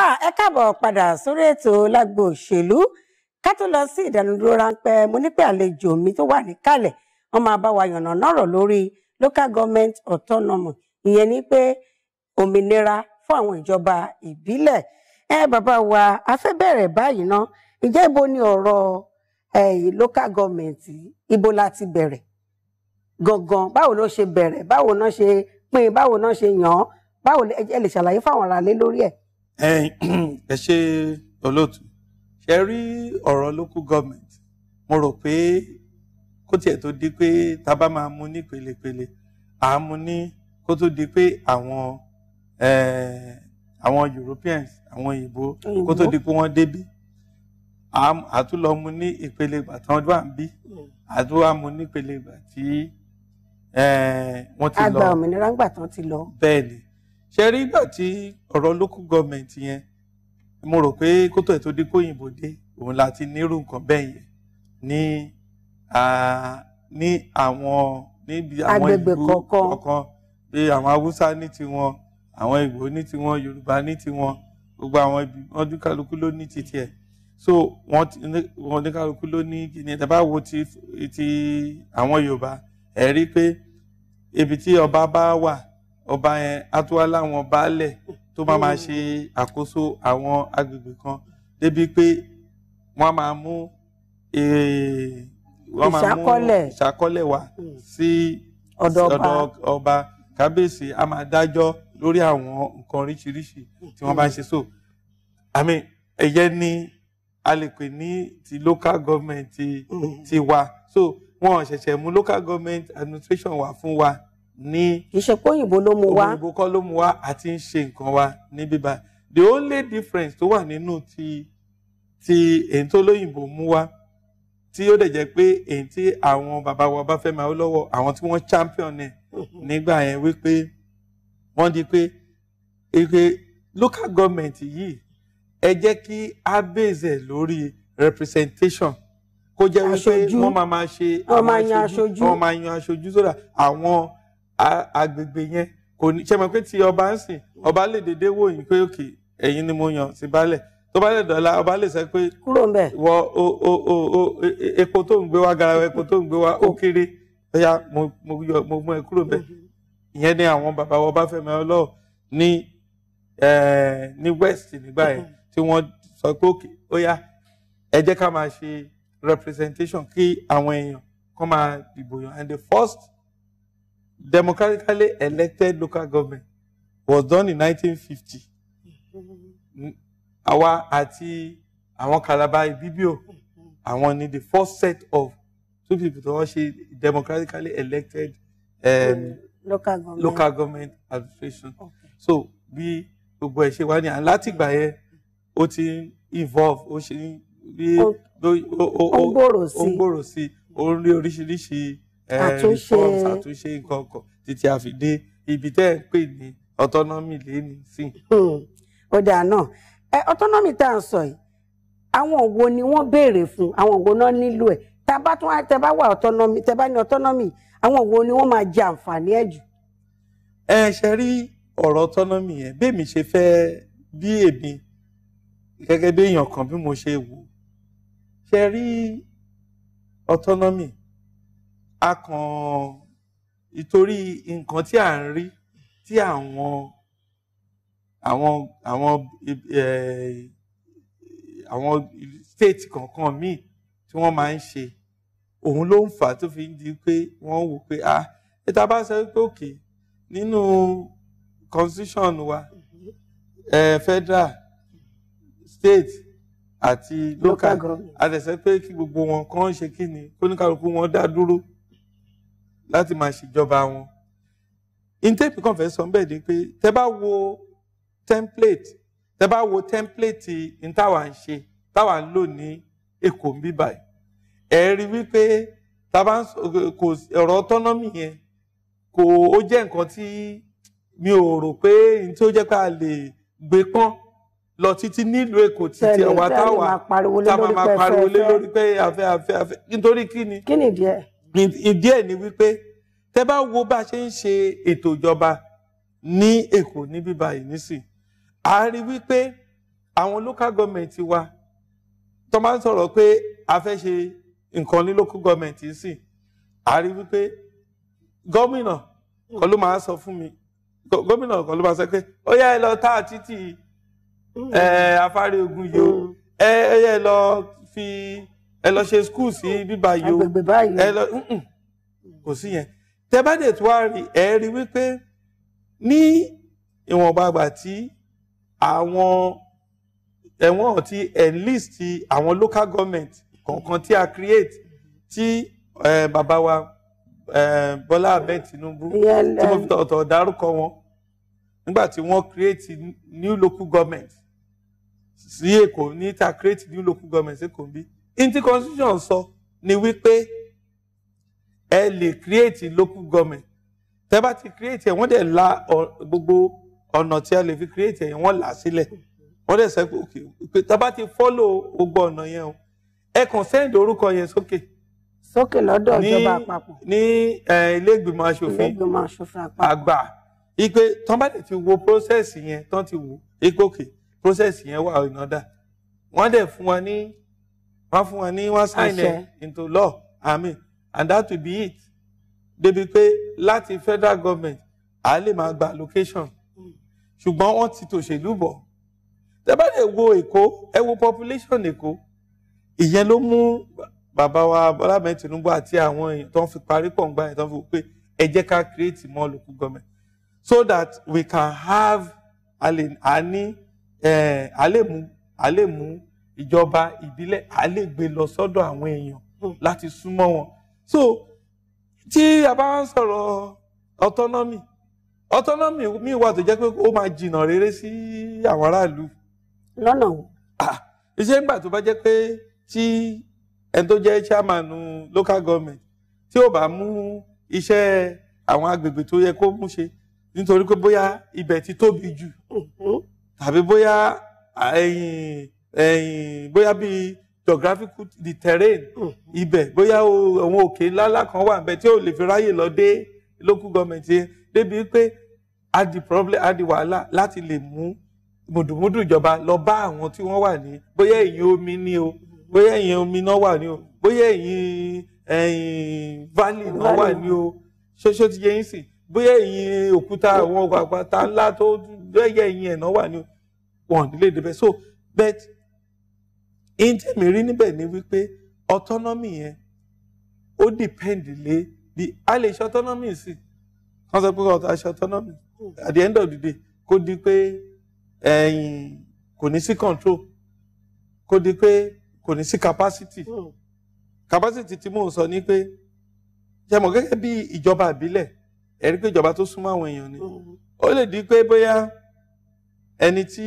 ẹ káàbọ̀ padà sórí ètò lágbo òṣèlú ká tó lọ sí ìdánudúró ráńpẹ́ mo ní pé àlejò mi tó wà níkàlẹ̀ wọ́n máa bá wa yànnà nọ́rọ̀ lórí local government autonomy ìyẹn ni pé òmìnira fún àwọn ìjọba ìbílẹ̀ ẹ bàbá wa a fẹ́ bẹ̀rẹ̀ báyìí ná ìjẹ́ ibo ni ọ̀rọ̀ local government ibo la ti bẹ̀rẹ̀ gangan báwo ló ṣe bẹ̀rẹ̀ báwo náà ṣe pín báwo náà ṣe yàn án báwo ẹ lè ṣàlàyé fáwọn aráalé lórí ẹ̀. ẹ ṣe olóòtú ṣe rí ọ̀rọ̀ local government mo rò pé kó tiẹ̀ tó di pé ta bá máa mú ní pelepele à á mú ní kó tó di pé àwọn àwọn Europeans àwọn òyìnbó kó tó di pé wọ́n débí àtúlọ mu ní ìpele ìgbà tí wọ́n bá ń bí àtúwà mu ní ìpele ìgbà tí wọ́n ti lọ. àgbà òmìnira ń gbà tán ti lọ. bẹ́ẹ̀ ni ṣe rí ìgbà tí ọ̀rọ̀ local government yẹn mo rò pé kótó ẹ̀ tó dé kóyìnbó dé òun la ti nírú nǹkan bẹ́ẹ̀ yẹn ní ní àwọn níbi àwọn ìlú kọ̀ọ̀kan bí àwọn haúsá ní tiwọn àwọn ìgbò ní tiwọn yorùbá ní tiwọn gbogbo àwọn ibi wọn ní ló ní titi ẹ̀ so wọn wọn ní kálukú ló ní kíni ẹ bá wo ti ti àwọn yorùbá ẹ rí pé ibi tí ọba bá wà ọba yẹn á tún wá láwọn baálẹ̀ tó máa máa ṣe àkóso àwọn agbègbè kan débi pé wọ́n máa mú e, wọ́n máa mú ìṣàkọ́lẹ̀ wá hmm. sí ọ̀dọ̀ ọba kábíyèsí a máa dájọ́ lórí àwọn nǹkan oríṣiríṣi tí wọ́n bá hmm. ṣe so i mean ni a lè pè ní ti local government hmm. ti, wa so wọn ò ṣẹ̀ṣẹ̀ mú local government administration wá fún wa ní. ìṣe pé òyìnbó ló mú wá òyìnbó kọ́ ló mú wá àti ń ṣe nǹkan wa ní bíbá the only difference tó wà nínú ti ti èyí tó lóyìnbó mú wá tí ó dẹ̀ jẹ́ pé èyí tí àwọn bàbá wa bá fẹ́ máa ó lọ́wọ́ àwọn tí wọ́n champion ẹ̀ nígbà yẹn wípé wọ́n di pé èké local government yìí ẹ jẹ́ kí á bèzẹ̀ lórí representation kó jẹ́ wípé wọ́n máa máa ṣe àwọn aṣojú wọ́n máa yan aṣojú sódà àwọn agbègbè yẹn kò ní ṣe mọ̀ pé tí ọba ń sìn ọba lè dédé wò yín pé òkè ẹ̀yin ni mo yàn sí baálẹ̀ tó bá lè dọ̀la ọba lè sọ pé kúrò ń bẹ̀ wọ o o o o e, e, epo tó ń gbé wa garawa epo tó ń gbé wa ó kéré bóyá mo yọ mo mú ẹ kúrò bẹ̀ ìyẹn ni àwọn bàbá wọn bá fẹ́mi ọlọ́ọ̀ ní ní west nígbà yẹn tí wọ́n sọ pé òkè ó yá ẹ jẹ́ ká máa ṣe representation kí àwọn èèyàn kó máa dìbò yàn and the first democratically elected local government was done in 1950. Mm-hmm. Àwa àti àwọn Calabar Ibibio mm-hmm. àwọn ni the first set of two people to wọ́n ṣe democratically elected um, local, government. administration. Okay. So bí gbogbo ẹ̀ ṣe wá ní à látìgbà yẹn ó ti ń involve ó ṣe ń bí ó ń gbòòrò sí ó ń rí oríṣiríṣi reforms àtúnṣe nǹkan kan títí a fi dé ibi tẹ́ ẹ̀ ń pè ní autonomy lẹ́ni sí. ọ̀dà hmm. náà autonomy tá à ń sọ yìí àwọn wo ni wọ́n béèrè fún àwọn wo náà nílò ẹ̀ tá a bá tún tẹ bá wà autonomy tẹ bá ní autonomy àwọn wo ni wọ́n máa jẹ àǹfààní ẹ̀ jù. ẹ ṣe rí ọ̀rọ̀ autonomy yẹn bẹ́ẹ̀mi ṣe fẹ́ bí èmi gẹ́gẹ́ bí èèyàn kan bí mo ṣe wò ṣe rí autonomy a kàn ìtorí nǹkan tí à ń rí tí àwọn àwọn àwọn àwọn state kankan míì tí wọ́n máa ń ṣe òun ló ń fà á tó fi ń di pé wọ́n wò pé ah ètò àbá sọ pé òkè nínú constitution wa eh, federal state àti local àtẹ̀sẹ̀ pé kí gbogbo wọn kàn ṣe kí ni kóníkàlùkù wọn dá dúró láti máa ṣèjọba wọn intake kan fẹ́ sọ bẹ́ẹ̀ ni pé tẹ́ bá wo template tẹ́ bá wo template n táwa ń ṣe táwa ń lò ní èkó ń bíbà ẹ rí wípé tàbá kò ọ̀rọ̀ autonomy yẹn kò ó jẹ́ nǹkan tí mi ò rò pé n tí ó jẹ́ pé a lè gbé pọ́n lọ títí nílùú Èkó títí ọ̀wá táwa táwa máa pariwo lé lórí pé afẹ́ afẹ́ afẹ́ nítorí kí ni. kí ni díẹ̀ ìdí ẹ̀ ni wípé tẹ́ bá wo bá a ṣe ń ṣe ètò ìjọba ní Èkó níbí báyìí nísìn a rí wípé àwọn local government wa tó máa ń sọ̀rọ̀ pé a fẹ́ ṣe nǹkan ní local government sìn a rí wípé gómìnà kan ló máa sọ fún mi gómìnà kan ló máa sọ pé ó yá ẹ lọ tá àtìtì mm. afárẹ́ ogun yìí ó ẹ yẹ lọ fi ẹ lọ ṣe skul sí bíbá yo ẹ lọ kò sí yẹn tẹ bá dẹ̀ tó wá rí ẹ rí wípé ní ìwọ̀nba àgbà tí àwọn ẹ̀wọ̀n ti enlist àwọn local government kọ̀ọ̀kan tí a create tí bàbá wa Bọ́lá Ahmed Tinubu tí mo fi um, tọ̀tọ̀ dárúkọ wọn nígbà tí wọ́n create new local government sí Èkó ní create new local government sí Èkó bíi ntí constitution sọ ni wípé ẹ lè create local government tẹ bá ti create ẹ wọ́n dẹ̀ la gbogbo ọ̀nà tí a lè fi create ẹ wọ́n là á sílẹ̀ wọ́n dẹ̀ sẹ́ pé tẹ bá ti follow gbogbo ọ̀nà yẹn o ẹ kàn send orúkọ yẹn sókè. sókè lọ́dọ̀ ìjọba àpapọ̀. ní ilé ìgbìmọ̀ asòfin àgbà ipe tán bá lè ti wo process yẹn tán ti wò ipe òkè process yẹn wà ọ̀nà dà wọ́n dẹ̀ fún wa ní wọ́n fún wọn ní wọ́n sign it into law àmín and that will be it débi pé láti federal government à lè máa gba allocation ṣùgbọ́n wọ́n ti tòṣèlú bọ̀ tẹ́bá lè wo èkó ẹ wo population èkó ìyẹn ló mú bàbá wa Bọ́lá mẹ́rin Tinubu àti àwọn èèyàn tó ń fi parí pọ̀ ń gbà yẹn tó ń pé ẹ jẹ́ ká create more local government so that we can have a ní eh, a lè mú a lè mú ìjọba ìbílẹ̀ a lè gbé lọ sọ́dọ̀ àwọn èèyàn hmm. láti súnmọ́ wọn so tí a bá ń sọ̀rọ̀ autonomy autonomy mi wà tó jẹ́ pé ó máa jìnnà rere sí àwọn aráàlú. lọ́nà o. iṣẹ́ ńgbà tó bá jẹ́ pé tí ẹni tó jẹ́ chairman local government tí ò bá mú iṣẹ́ àwọn agbègbè tó yẹ kó mú ṣe nítorí pé bóyá ibẹ̀ ti tóbi jù hmm. tàbí bóyá ẹ̀yìn bóyá bíi geographical the terrain hmm. ibẹ̀ bóyá àwọn òkè ńláńlá kan wà nbẹ tí ò lè fi ráyè lọ dé local government yẹn débi pé a problem a di wàhálà láti lè mú mùdùmùdù ìjọba lọ bá àwọn tí wọ́n wà ní bóyá ẹ̀yìn omi ni o bóyá ẹ̀yìn omi náà wà ní o bóyá ẹ̀yìn ẹ̀yìn valley náà wà ní o ṣoṣo ti yẹ yín sìn bóyá ẹ̀yìn òkúta àwọn àpáta ńlá tó bẹ́yẹ ẹ̀yìn ẹ̀ náà wà ní o wọ́n nílé débẹ̀ so bẹ́ẹ̀ in tí mi rí níbẹ̀ ni wípé autonomy yẹn ó depend lé bí a lè ṣe autonomy sí wọ́n sọ pé ọ̀tá ṣe autonomy at the end of the day kó di pé ẹ̀yìn kò ní sí control kó di pé kò ní sí capacity hmm. capacity tí mò ń sọ ni pé ṣe mọ̀ gẹ́gẹ́ bí ìjọba ìbílẹ̀ ẹ̀rí pé ìjọba tó súnmọ́ àwọn èèyàn ni hmm. ó lè di pé bóyá ẹni tí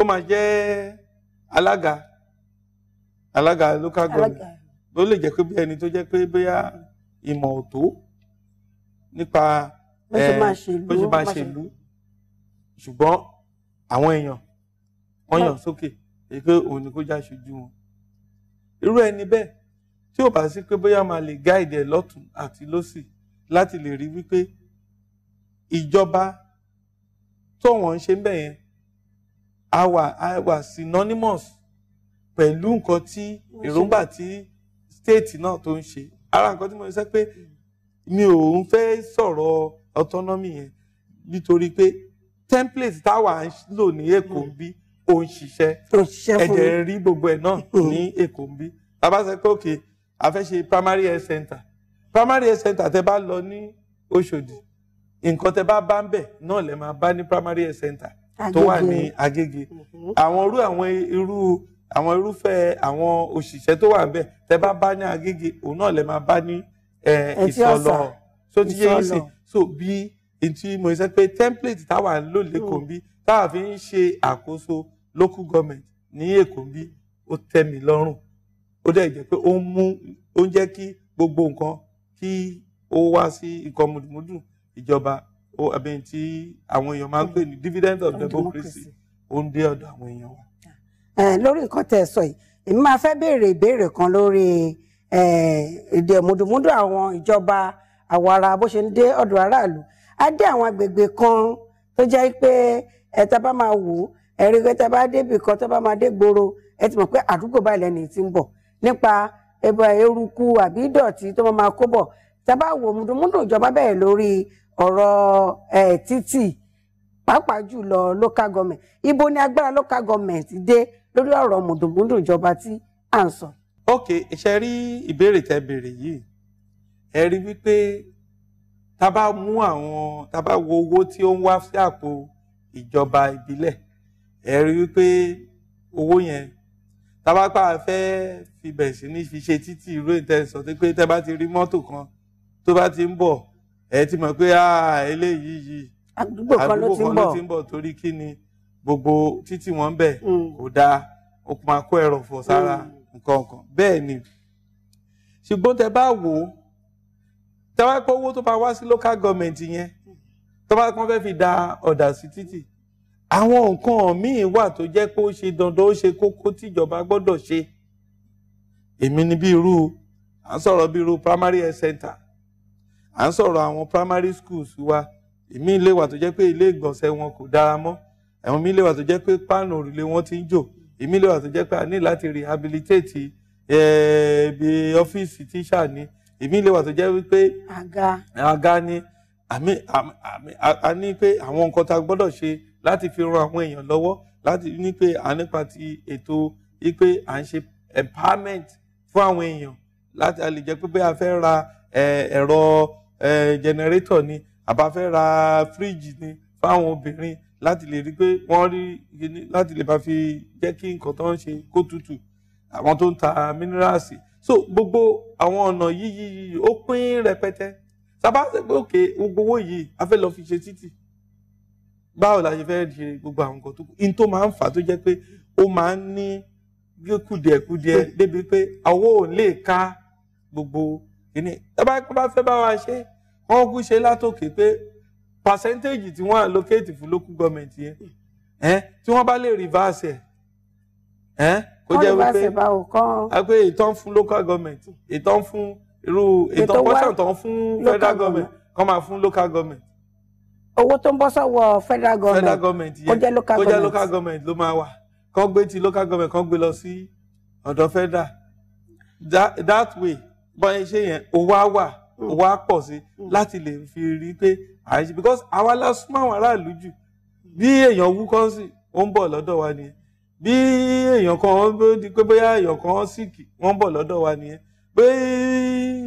ó máa jẹ́ alága alága local government ó lè jẹ́ pé bí ẹni tó jẹ́ pé bóyá ìmọ̀ ò nípa bó ṣe eh, máa ṣèlú ṣùgbọ́n àwọn èèyàn wọ́n yàn sókè èyí pé òun ni kó já ṣojú wọn irú ẹni bẹ́ẹ̀ tí ò bá sí pé bóyá máa lè gáìdì ẹ̀ lọ́tún àti lọ́sì láti lè rí wípé ìjọba tó wọ́n ń ṣe ń yẹn a wà synonymous pẹ̀lú nǹkan tí èròǹgbà tí stéètì náà tó ń ṣe ara nǹkan tí mo sọ pé mi ò ń fẹ́ sọ̀rọ̀ autonomy yẹn nítorí pé template táwa ń lò ní èkó ń bí ó ń ṣiṣẹ́ ẹ̀jẹ̀ rí gbogbo ẹ̀ náà mm. ní èkó ń bí bàbá sọ pé òkè a fẹ́ ṣe primary health center primary health center tẹ bá lọ ní Òṣòdì nǹkan tẹ bá bá ń bẹ̀ náà lè máa bá ní primary health center tó wà ní Agége mm-hmm. àwọn irú àwọn irú àwọn irúfẹ́ àwọn òṣìṣẹ́ tó wà níbẹ̀ tẹ́ bá bá ní Agége òun náà lè máa bá ní ìsọlọ tó ti yé yín sè so bí ntí mo ṣe pé template táwa ń lò lẹ́kọ̀ọ́ bí táwa fi ń ṣe àkóso local government ní Èkó bí ó tẹ́ mi lọ́rùn ó dẹ̀ jẹ́ pé ó ń mú ó ń jẹ́ kí gbogbo nǹkan kí ó wá sí nǹkan mùdùmùdù ìjọba àbí tí àwọn èèyàn máa ń pè ní dividend of democracy ó ń dé ọ̀dọ̀ àwọn èèyàn wa lórí nǹkan tẹ́ ẹ sọ yìí èmi máa fẹ́ béèrè ìbéèrè kan lórí èdè mùdùmùdù àwọn ìjọba àwara bó ṣe ń dé ọ̀dọ̀ aráàlú á dé àwọn agbègbè kan tó jẹ́ pé ẹ̀ta bá máa wò ó ẹ̀rí pé tá a bá débì kan tó bá máa dé gbòòrò ẹ ti mọ̀ pé àdúgbò báyìí lẹ́nu ti ń bọ̀ nípa eruku àbí ìdọ̀tí tó máa kó bọ̀ tá bá wò mùdùmùdù ìjọba bẹ́ẹ̀ lórí ọ̀rọ̀ títì pàápàá jùlọ local government ibo ni agbára local government dé lórí ọ̀rọ̀ mùdùmùdù ìjọba tí à ń sọ. ok ṣe rí ìbéèrè tẹ béèrè yìí ẹ rí wípé tá a bá mú àwọn tá a bá wo owó tí ó ń wá sí àpò ìjọba ìbílẹ̀ ẹ rí wípé owó yẹn tá bá pa fẹ́ fi bẹ̀rẹ̀ sí ní fi ṣe títì ìró ìtẹ̀sán tí pé tẹ́ bá ti rí mọ́tò kan tó bá ti ń bọ̀ ẹ ti mọ̀ pé ah, eléyìí yìí àdúgbò kan ló ti ń bọ̀ torí kí ni gbogbo títì wọn bẹ̀ mm. kò dáa ó máa kó ẹrọ̀fọ̀ sára mm. nǹkan kan bẹ́ẹ̀ ni ṣùgbọ́n tẹ bá wò ó tẹ́wá pé owó tó bá wá sí local government yẹn tó bá kàn fẹ́ fi da ọ̀dà sí títì àwọn nǹkan míì wà tó jẹ́ pé ó ṣe dandan ó ṣe kókó tíjọba gbọ́dọ̀ ṣe èmi ni bí irú à ń sọ̀rọ̀ bí irú primary health center à ń sọ̀rọ̀ àwọn primary schools wa ìmí ilé wà tó jẹ́ pé ilé ìgbọ̀nsẹ̀ wọn kò dára mọ́ àwọn ìmí ilé wà tó jẹ́ pé páànù òrùlé wọn ti ń jò ìmí ilé wà tó jẹ́ pé a ní láti rehabilitate ibi ọ́fíìsì tíṣà ni ìmí ilé wà tó jẹ́ pé àga ni àmì a ní pé àwọn nǹkan tá a gbọ́dọ̀ ṣe láti fi ran àwọn èèyàn lọ́wọ́ láti ní pé a nípa ti ètò wípé à ń ṣe empowerment fún àwọn èèyàn láti a lè jẹ́ pé bóyá a fẹ́ ra ẹ̀rọ jẹnẹrétọ̀ ni àbá fẹ́ ra fíríjì ni fáwọn obìnrin láti lè rí pé wọ́n rí kíní láti lè bá fi jẹ́ kí nǹkan tó ń ṣe kó tutù àwọn tó ń ta mínírààsì so gbogbo àwọn ọ̀nà yíyí yìí ó pín rẹpẹtẹ sábà ṣe pé òkè gbogbo owó yìí a fẹ́ lọ fi ṣe títì báwo la ṣe fẹ́ ṣe gbogbo àwọn nǹkan tó kù in tó máa ń fà tó jẹ́ pé ó máa ń ní kùdìẹ̀kùdìẹ̀ débi pé owó ò lè ká gbogbo kíní ẹ bá fẹ́ bá wa ṣe wọ́n kú ṣe látòkè pé percentage tí wọ́n allocate fún local government yẹn tí wọ́n bá lè reverse ẹ̀ ẹ kó jẹ́ wípé pé ìtàn fún local government ìtàn fún irú ìtàn portion tán fún federal government kọ́ máa fún local government. owó tó ń bọ́ sọ́wọ́ federal government federal kó jẹ́ local government kó local government ló máa wà kán gbé ti local government kán gbé lọ sí ọ̀dọ̀ federal that, that way bọ́n ṣe yẹn owó á wà. Hmm. ó wá pọ̀ sí hmm. láti lè fi rí i pé àìsí because àwa la súnmọ́ àwọn aráàlú jù hmm. bí èèyàn wú kán sí ó ń bọ̀ lọ́dọ̀ wa nìyẹn bí èèyàn kan di pé bóyá èèyàn kan síkì wọ́n ń bọ̀ lọ́dọ̀ wa nìyẹn pé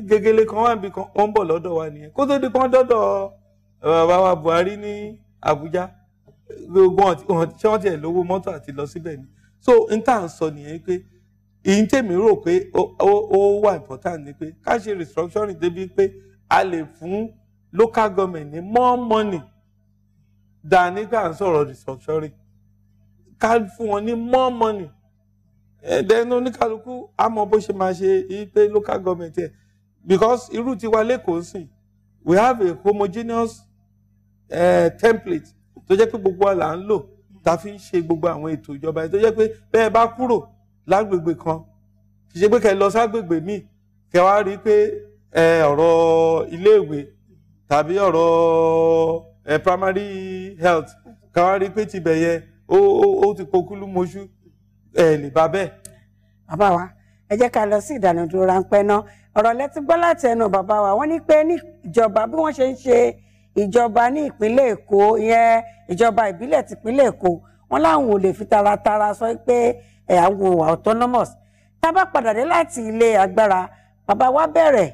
gegele kan wà níbi kan wọ́n ń bọ̀ lọ́dọ̀ wa nìyẹn kó tó di kan dọ́dọ̀ eh, bàbá wa Buhari ní abuja. gbogbo wọn tí wọ́n tiẹ̀ lówó mọ́tò àti lọ síbẹ̀ ni so n tá à ń sọ nìyẹn pé èyí tèmi rò pé ó wà important ni pé ká ṣe restructuring débi pé a lè fún local government ní more money dá nígbà ń sọ̀rọ̀ restructuring ká fún wọn ní more money Then oníkálukú á mọ bó ṣe máa ṣe yí pé local government ẹ̀ because irú tiwa lẹ́kọ̀ọ́ sìn we have a homogeneous uh, template tó jẹ́ pé gbogbo wa là ń lò tá a fi ń ṣe gbogbo àwọn ètò ìjọba tó jẹ́ pé bẹ́ẹ̀ bá kúrò lágbègbè kan kì í ṣe pé kẹ́ lọ ságbègbè míì kẹ́ wá rí i pé ọ̀rọ̀ iléèwé tàbí ọ̀rọ̀ primary health kẹ́ wá rí i pé tibẹ̀ yẹn ó ti pokúlù mọ́ṣú ẹ̀ lè bá bẹ́ẹ̀. bàbá wa ẹ jẹ́ ká lọ sí ìdánudúró ráńpẹ́ náà ọ̀rọ̀ lẹ́tí gbọ́ láti ẹnu bàbá wa wọ́n ní pé ní ìjọba bí wọ́n ṣe ń ṣe ìjọba ní ìpínlẹ̀ èkó ìyẹn ìjọba ìbílẹ̀ tìpínlẹ̀ èkó wọ́n láwọn ò lè fi taratara sọ pé àwọn autonomous tá a bá padà dé láti ilé agbára bàbá wa bẹ̀rẹ̀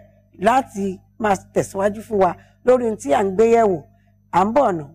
láti máa tẹ̀síwájú fún wa lórí ohun tí à ń gbé yẹ̀wò à ń bọ̀ ọ̀nà.